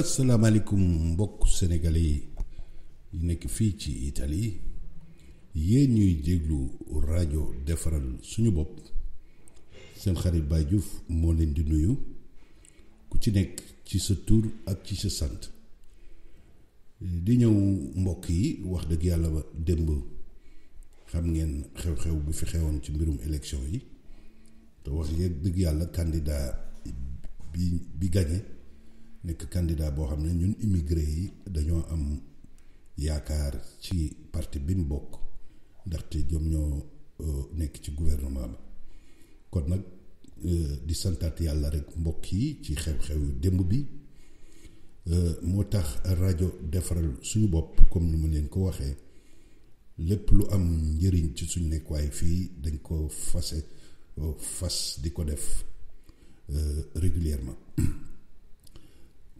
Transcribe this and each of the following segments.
asalaamaaleykum mbokk sénégalais yi yi nekk fii ci Italie yéen ñuy déglu rajo defaral suñu bopp seen xarit Baye Diouf moo leen di nuyu ku ci nekk ci sa tour ak ci sa sant di ñëw mbokk yi wax dëgg yàlla ba démb xam ngeen xew-xew bi fi xewoon ci mbirum élection yi te wax dëgg yàlla candidat bi bi gagné. nekk candidat boo xam ne ñun immigré yi dañoo am yaakaar ci parti bi mu bokk ndaxte ñoom ñoo euh, nekk ci gouvernement bi kon nag euh, di santaat yàlla rek mbokk yi ci xew-xewu démb bi euh, moo tax rajo defaral suñu bopp comme ni ma leen ko waxee lépp lu am njëriñ ci suñu nekkuwaay fii dañ ko fase fas di ko def régulièrement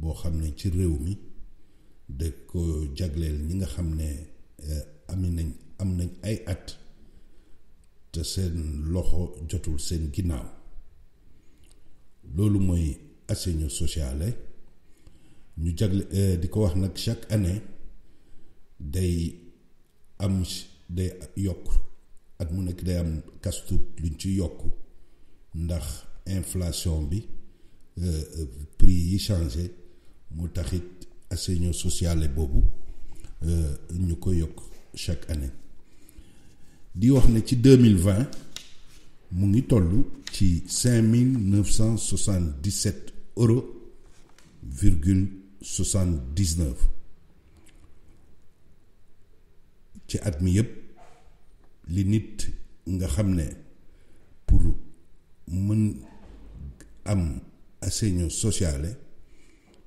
boo xam ne ci réew mi ko jagleel ñi nga eh, ay at loxo jotul sociale ñu eh, di ko wax chaque année day am day yokk at mu nekk day am kastut luñ ci inflation bi eh, prix mu taxit assegno bobu euh ñu ko yok chaque année di wax ne ci 2020 mu ngi tollu ci cinq mille neuf euros virgule soixante dix neuf ci at mi li nit nga pour mën am assegno sociale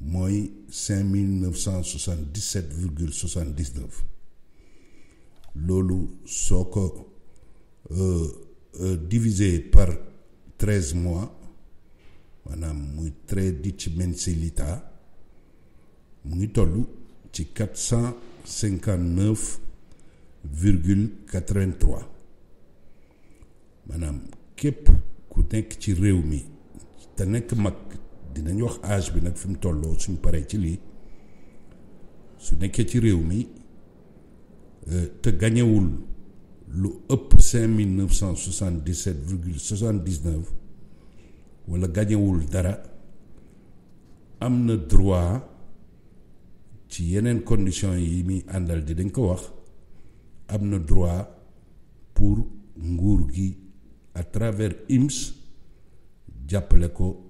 mooy cinq mille neuf cent soixante dix sept virgule soixante dix neuf Lolo soo ko euh, euh, divisé par treize mois maanaam muy tredici mensilita mu ngi toll c'est quatre cent cinquante neuf virgule quatre vingt trois maanaam képp ku nekk ci réew mi te nekk mag dinañ wax âge bi nag fi mu tolloo suñ paree ci lii su nekkee ci euh, te gañewul lu ëpp 5977,79 dara am droit ci yeneen conditions yi mi àndal di ko wax am droit pour nguur à travers IMS jàppale ko.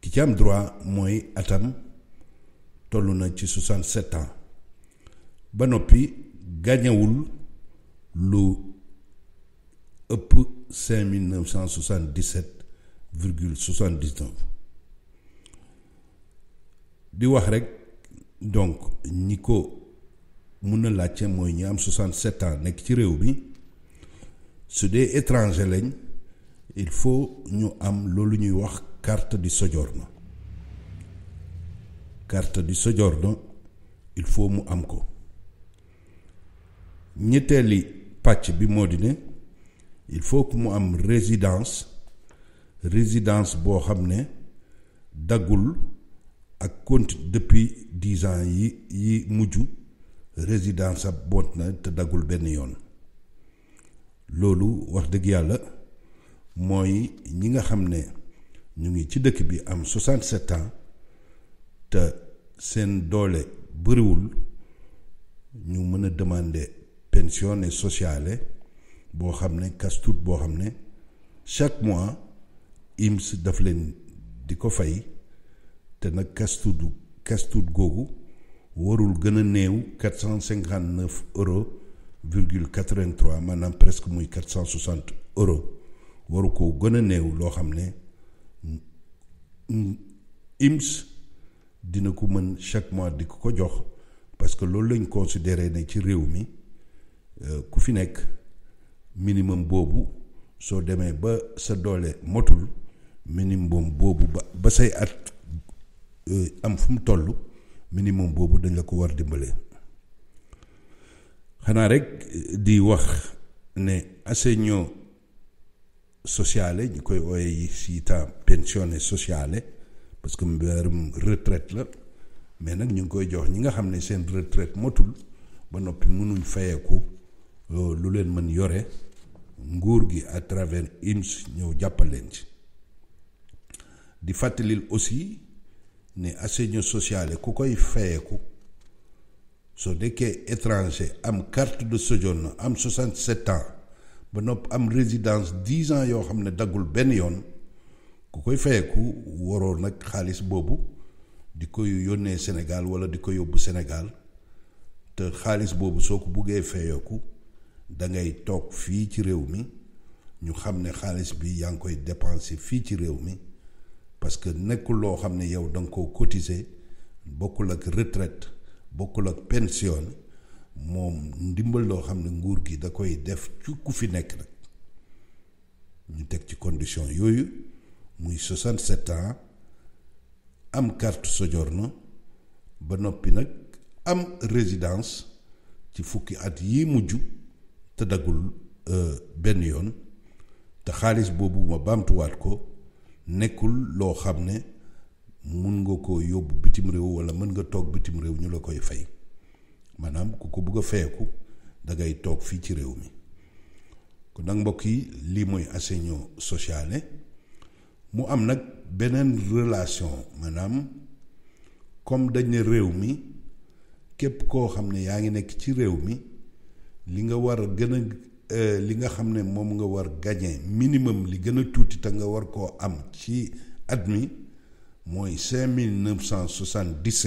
ki ci am droit mooy atam toll na ci 67 ans ba noppi gañewul lu ëpp 5977,79 di wax rek donc ñi ko mun a laajte 67 ans nekk ci réew mi su dee étranger lañ il faut ñu am loolu ñuy wax carte du soggiorno carte du soggiorno il faut mu am ko ñetteeli patch bi moo il faut que mu am résidence résidence bo xam D'agul, ak compte depuis dix ans yi yi muju résidence ab na te dagul ben yoon lolu wax deug yalla moy ñi nga nous ngi 67 ans te seen doole bëriwul ñu pension sociale boo chaque mois IMS daf leen di ko fay te nag casse-tout... warul 459 euros virgule presque 460 euros waru ko gën a néew IMS dina ko mën chaque mois di ko ko jox parce que loolu lañ considéré ne ci réew mi euh, ku fi nekk minimum boobu soo demee ba sa doole motul minimum boobu ba ba say at euh, am fu mu toll minimum boobu dañ la ko war dimbale xanaa rek di wax ne asegno sociale ñu koy ooye si temps pension sociale parce que mbirum retraite la mais nak ñu koy jox ñi nga retraite motul ba mënuñ euh, lu leen nguur à travers IMS ci di aussi ne assegno sociale ku koy étranger am carte de séjour am 67 ans ba nopp am résidence dix ans yoo xam ne daggul benn yoon ku koy fayeku waroo nag xaalis boobu di koy yónnee Sénégal wala di ko yóbbu Sénégal te xaalis boobu soo ko buggee fayeku da ngay toog fii ci réew mi ñu xam ne xaalis bi yaa ngi koy dépensé fii ci réew mi parce que nekkul loo xam ne yow da nga koo cotiser bokkul ak retraite bokkul ak pension moom ndimbal loo xam ne nguur gi da koy def ci ku fi nekk nag ñu teg ci condition yooyu muy 67 ans am carte soggiorno ba noppi nag am résidence ci fukki at yi mujj te daggul euh, benn yoon te xaalis boobu ma baamtuwaat ko nekkul loo xam ne mun nga ko yóbbu bitim réew walla mën nga toog bitim réew ñu la koy fay maanaam ku ko bëgg a feeku da ngay toog fii ci réew mi kon nag mbokk yi lii mooy assegno sociale mu am nag beneen relation maanaam comme dañ ne réew mi képp koo xam ne yaa ngi nekk ci réew mi li nga war gën a euh, li nga xam ne moom nga war gagné minimum li gën a tuuti te nga war koo am ci at mi mooy cinq mille neuf cent soixante dix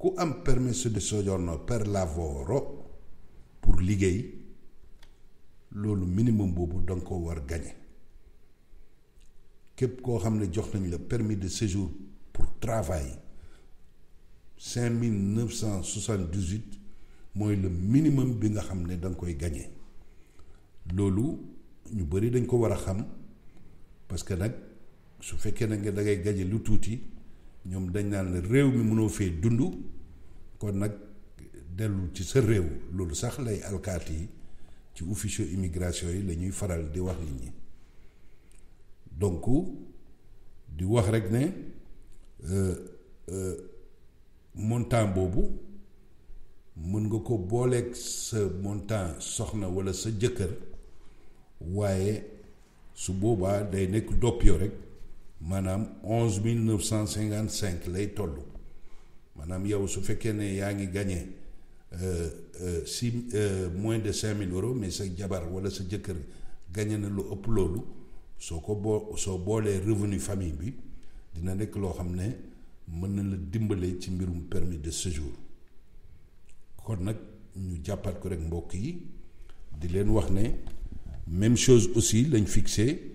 ku am permis de soggiorno per lavoro pour liggéey lolu minimum bobu danga ko war gañe képp koo xam jox nañ le permis de séjour pour travail cinq moy le minimum bi nga xam ne danga koy gañe loolu ñu bari dañ ko wara xam parce que nak su fekkee na nga dangay gagner lu touti ñoom dañ naan la réew mi mënoo fee dund kon nag dellu ci sa réew loolu sax lay alkaati yi ci officier immigration yi lañuy faral di wax nit ñi donc di wax rek ne euh, euh, montant boobu mën nga ko booleek sa montant soxna walla sa jëkkër waaye su boobaa day nekk doppio rek manam 11955 lay tollu manam yow su fekkee ne yaa ngi gagné euh, euh, si euh, moins de 5000 euros mais sa jabar wala sa jëkkër gagné na lu ëpp loolu soo ko boo soo boolee revenu famille bi dina nekk loo xam ne mën na la dimbale ci mbirum permis de séjour kon nag ñu jàppaat ko rek mbokk yi di leen wax ne même chose aussi lañ fixé.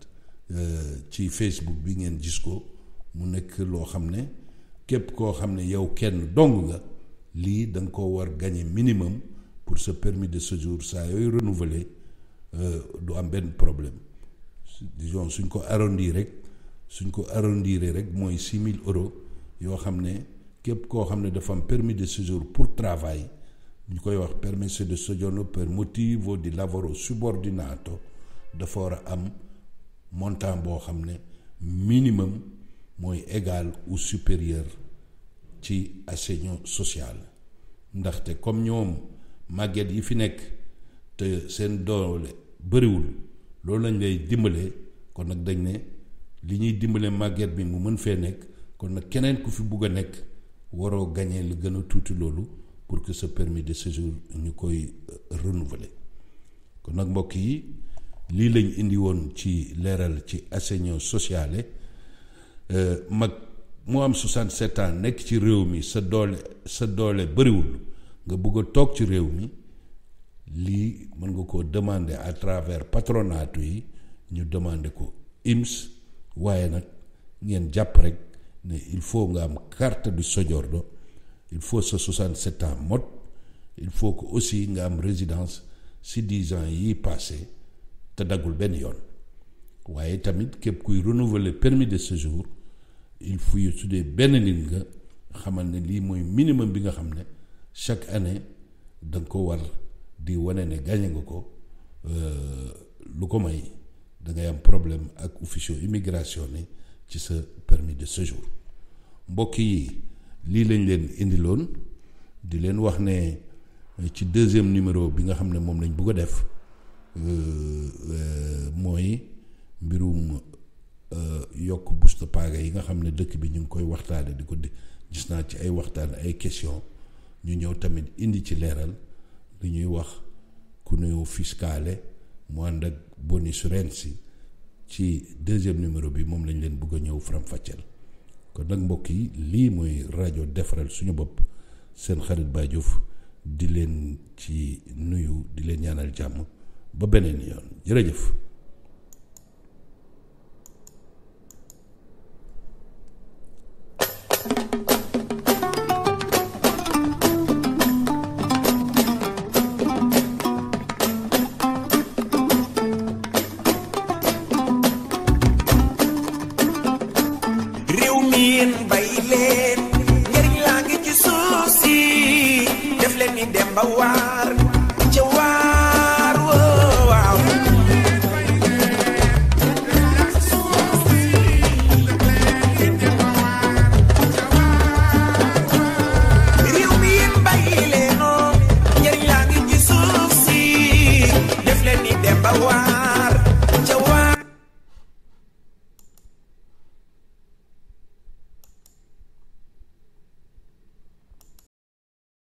Euh, ci Facebook bi ngeen gis ko mu nekk loo xam ne képp koo xam ne yow kenn dong nga lii da nga ko war gagner minimum pour ce permis de séjour saa yooyu renouveler euh, du am benn problème disons suñ ko arrondir rek suñ ko arrondiré rek mooy six mille euros yoo xam ne képp koo xam ne dafa am permis de séjour pour travail ñu koy wax permis de séjour per motivo di lavoro subordinato dafa war a am montant boo xam ne minimum mooy égal ou supérieur ci assegno social ndaxte comme ñoom màgget yi fi nekk te seen doole bëriwul loolu lañ lay dimbalee kon nag dañ ne li ñuy dimbale màgget bi mu mën fee nekk kon nag keneen ku fi bugg a nekk waroo li gën a tuuti loolu pour que ce permis de séjour ñu koy renouveler kon nag mbokk yi li lañ indi won ci leral ci assegno sociale euh, mag mo am 67 ans nek ci réew mi sa doole sa doole bëriwul nga bëgg tok ci réew mi nga ko demander à travers patronat yi ñu demander ko IMS waye nak ngeen japp rek ne il faut nga am carte du soggiorno il faut sa 67 ans mot il faut que aussi nga am résidence si 10 ans yi passé te daggul benn yoon waaye tamit képp kuy renouveler permis de séjour il faut yu tuddee benn nit nga xamal ne lii mooy minimum bi nga xam ne chaque année da nga ko war di wane ne gagné nga ko euh, lu ko may da ngay am problème ak officiaux immigration ni ci sa permis de séjour mbokk yi lii lañ leen indiloon di leen wax ne ci deuxième numéro bi nga xam ne lañ a def. Euh, euh, mooy mbirum euh, yokk busta paaga yi nga xam ne dëkk bi ñu ngi koy waxtaane di ko di gis naa ci ay waxtaan ay question ñu ñëw tamit indi ci leeral lu ñuy wax ku new fiscale mu ànd ak bonus rensi ci deuxième numéro bi moom lañ leen bëgg a ñëw faram fàcceel kon nag mbokk yi lii mooy rajo defaral suñu bopp seen xarit Baye di leen ci nuyu di leen ñaanal jàmm ba beneen yoon jërëjëf